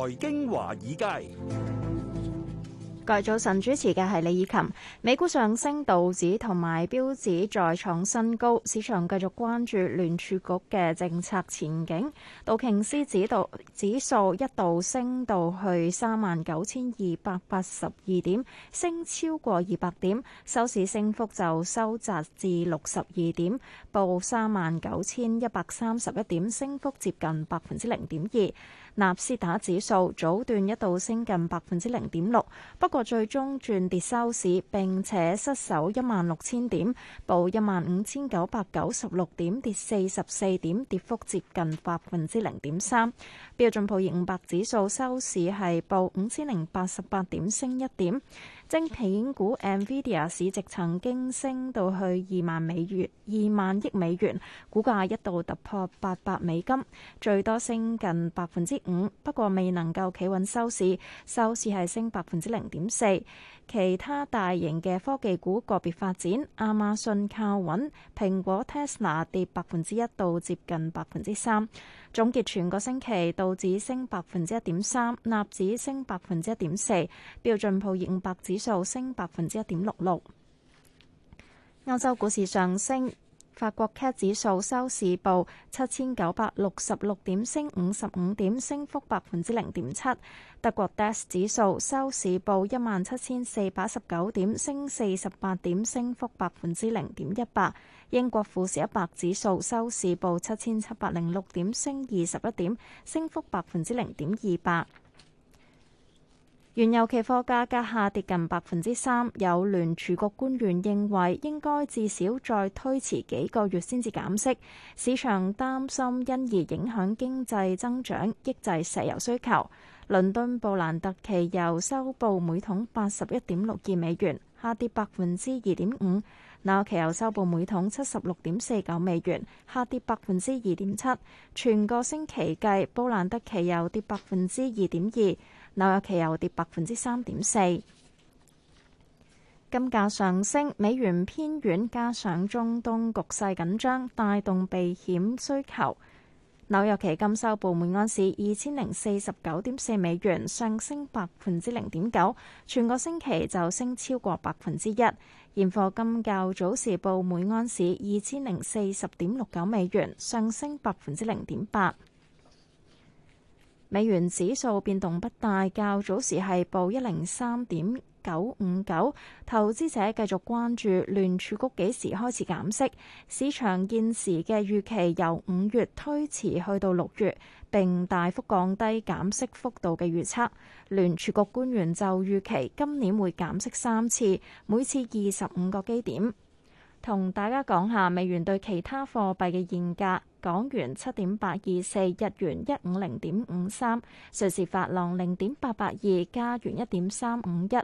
財經華爾街，各位早晨，主持嘅係李以琴。美股上升，道指同埋標指再創新高，市場繼續關注聯儲局嘅政策前景。道瓊斯指道指數一度升到去三萬九千二百八十二點，升超過二百點，收市升幅就收窄至六十二點，報三萬九千一百三十一點，升幅接近百分之零點二。納斯達指數早段一度升近百分之零點六，不過最終轉跌收市，並且失守一萬六千點，報一萬五千九百九十六點，跌四十四點，跌幅接近百分之零點三。標準普爾五百指數收市係報五千零八十八點，升一點。晶片股 NVIDIA 市值曾經升到去二萬美元、二萬億美元，股價一度突破八百美金，最多升近百分之五。不過未能夠企穩收市，收市係升百分之零點四。其他大型嘅科技股個別發展，亞馬遜靠穩，蘋果、Tesla 跌百分之一到接近百分之三。總結全個星期，道指升百分之一點三，納指升百分之一點四，標準普爾五百指數升百分之一點六六。歐洲股市上升。法國 CAC 指數收市報七千九百六十六點，升五十五點，升幅百分之零點七。德國 DAX 指數收市報一萬七千四百十九點，升四十八點，升幅百分之零點一八。英國富時一百指數收市報七千七百零六點，升二十一點，升幅百分之零點二八。原油期貨價格下跌近百分之三，有聯儲局官員認為應該至少再推遲幾個月先至減息，市場擔心因而影響經濟增長，抑制石油需求。倫敦布蘭特期油收報每桶八十一點六二美元，下跌百分之二點五；紐約期油收報每桶七十六點四九美元，下跌百分之二點七。全個星期計，布蘭特期油跌百分之二點二。紐約期油跌百分之三點四，金價上升，美元偏軟，加上中東局勢緊張，帶動避險需求。紐約期金收報每安士二千零四十九點四美元，上升百分之零點九，全個星期就升超過百分之一。現貨金較早時報每安士二千零四十點六九美元，上升百分之零點八。美元指數變動不大，較早時係報一零三點九五九。投資者繼續關注聯儲局幾時開始減息，市場現時嘅預期由五月推遲去到六月，並大幅降低減息幅度嘅預測。聯儲局官員就預期今年會減息三次，每次二十五個基點，同大家講下美元對其他貨幣嘅現價。港元七點八二四，日元一五零點五三，瑞士法郎零點八八二，加元一點三五一，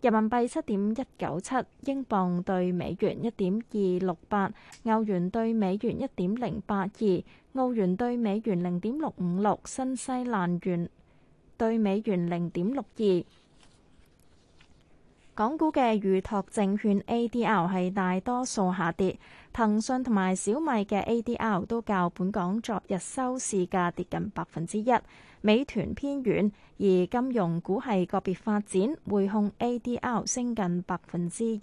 人民幣七點一九七，英鎊對美元一點二六八，歐元對美元一點零八二，澳元對美元零點六五六，新西蘭元對美元零點六二。港股嘅預託證券 A D L 係大多數下跌，騰訊同埋小米嘅 A D L 都較本港昨日收市價跌近百分之一。美團偏軟，而金融股係個別發展，匯控 A D L 升近百分之一，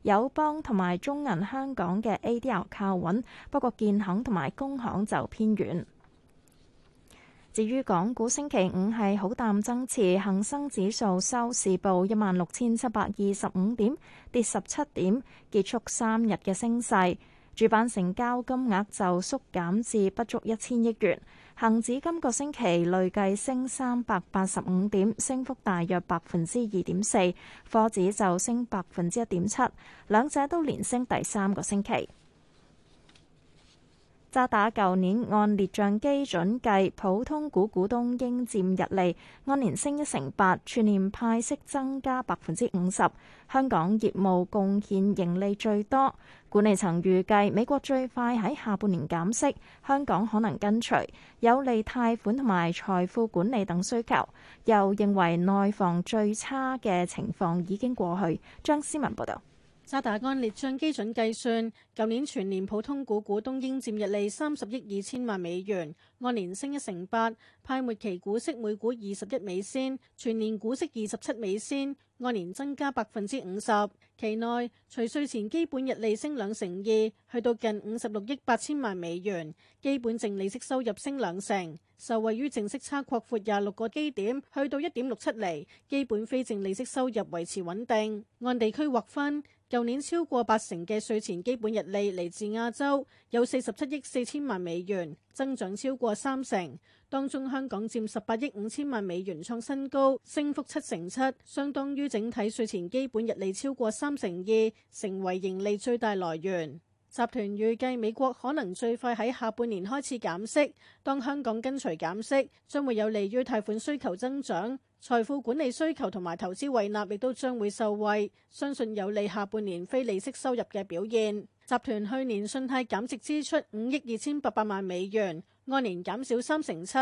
友邦同埋中銀香港嘅 A D L 靠穩，不過建行同埋工行就偏軟。至於港股星期五係好淡爭持，恒生指數收市報一萬六千七百二十五點，跌十七點，結束三日嘅升勢。主板成交金額就縮減至不足一千億元。恒指今個星期累計升三百八十五點，升幅大約百分之二點四，科指就升百分之一點七，兩者都連升第三個星期。渣打舊年按列賬基準計，普通股股東應佔溢利按年升一成八，全年派息增加百分之五十。香港業務貢獻盈利最多。管理層預計美國最快喺下半年減息，香港可能跟隨，有利貸款同埋財富管理等需求。又認為內房最差嘅情況已經過去。張思文報道。渣打安列將基準計算，舊年全年普通股股東應佔溢利三十億二千萬美元，按年升一成八。派末期股息每股二十一美仙，全年股息二十七美仙，按年增加百分之五十。期內除稅前基本溢利升兩成二，去到近五十六億八千萬美元，基本淨利息收入升兩成，受惠於淨息差擴闊廿六個基點，去到一點六七厘，基本非淨利息收入維持穩定。按地區劃分。舊年超過八成嘅稅前基本溢利嚟自亞洲，有四十七億四千萬美元，增長超過三成。當中香港佔十八億五千萬美元，創新高，升幅七成七，相當於整體稅前基本溢利超過三成二，成為盈利最大來源。集團預計美國可能最快喺下半年開始減息，當香港跟隨減息，將會有利於貸款需求增長、財富管理需求同埋投資胃納，亦都將會受惠，相信有利下半年非利息收入嘅表現。集團去年信貸減值支出五億二千八百萬美元。按年減少三成七，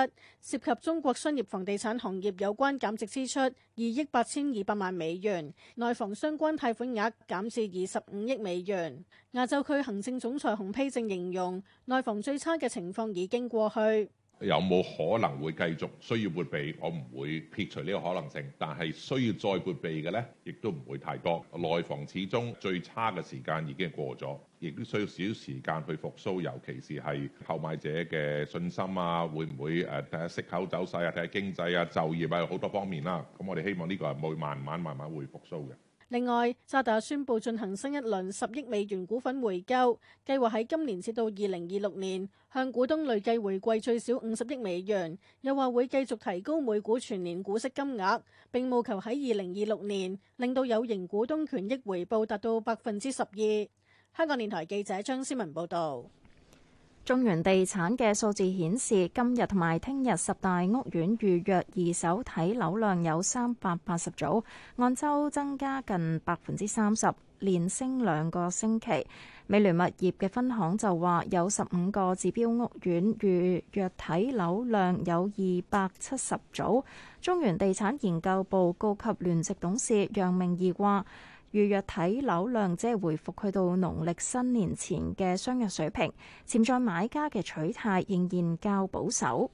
涉及中國商業房地產行業，有關減值支出二億八千二百萬美元，內房相關貸款額減至二十五億美元。亞洲區行政總裁洪丕正形容內房最差嘅情況已經過去。有冇可能會繼續需要撥備？我唔會撇除呢個可能性，但係需要再撥備嘅呢，亦都唔會太多。內房始終最差嘅時間已經過咗，亦都需要少少時間去復甦，尤其是係購買者嘅信心啊，會唔會誒，睇下息口走勢啊，睇下經濟啊、就業啊，好多方面啦，啊。咁我哋希望呢個係會慢慢慢慢會復甦嘅。另外，渣打宣布進行新一輪十億美元股份回購，計劃喺今年至到二零二六年向股東累計回饋最少五十億美元，又話會繼續提高每股全年股息金額，並務求喺二零二六年令到有形股東權益回報達到百分之十二。香港電台記者張思文報導。中原地產嘅數字顯示，今日同埋聽日十大屋苑預約二手睇樓量有三百八十組，按周增加近百分之三十，連升兩個星期。美聯物業嘅分行就話有十五個指標屋苑預約睇樓量有二百七十組。中原地產研究部高級聯席董事楊明義話。預約睇樓量即係回復去到農曆新年前嘅相若水平，潛在買家嘅取態仍然較保守。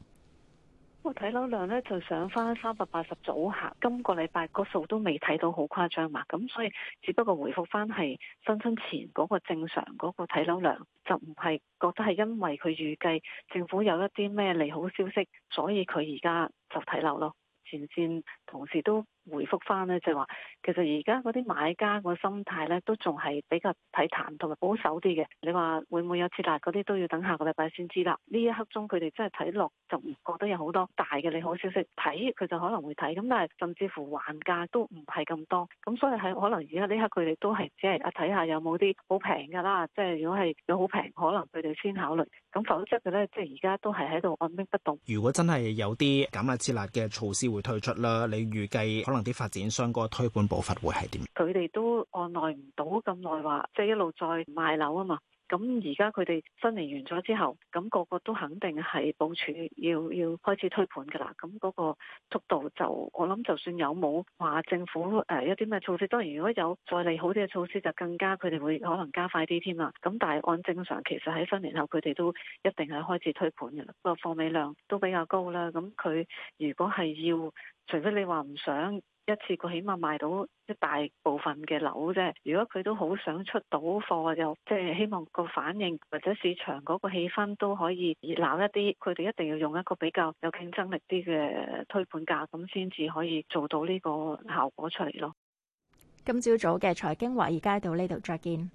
個睇樓量呢就上翻三百八十組客，今個禮拜個數都未睇到好誇張嘛，咁所以只不過回復翻係新春前嗰個正常嗰個睇樓量，就唔係覺得係因為佢預計政府有一啲咩利好消息，所以佢而家就睇樓咯。前線同事都。回覆翻咧，就係話其實而家嗰啲買家個心態咧，都仲係比較睇淡同埋保守啲嘅。你話會唔會有刺立嗰啲都要等下個禮拜先知啦。呢一刻中佢哋真係睇落就唔覺得有好多大嘅利好消息，睇佢就可能會睇。咁但係甚至乎還價都唔係咁多，咁所以喺可能而家呢刻佢哋都係只係啊睇下有冇啲好平㗎啦。即係如果係有好平，可能佢哋先考慮。咁否則嘅咧，即係而家都係喺度按兵不動。如果真係有啲減壓撤辣嘅措施會推出啦，你預計？可能啲發展商個推盤步伐會係點？佢哋都按耐唔到咁耐，話即係一路再賣樓啊嘛。咁而家佢哋分離完咗之後，咁、那個個都肯定係部署要要開始推盤噶啦。咁嗰個速度就我諗，就算有冇話政府誒一啲咩措施，當然如果有再利好啲嘅措施，就更加佢哋會可能加快啲添啦。咁但係按正常，其實喺分離後佢哋都一定係開始推盤嘅啦。那個貨尾量都比較高啦。咁佢如果係要除非你話唔想一次過，起碼賣到一大部分嘅樓啫，如果佢都好想出到貨，就即係希望個反應或者市場嗰個氣氛都可以熱鬧一啲，佢哋一定要用一個比較有競爭力啲嘅推盤價，咁先至可以做到呢個效果出嚟咯。今朝早嘅財經華爾街到呢度再見。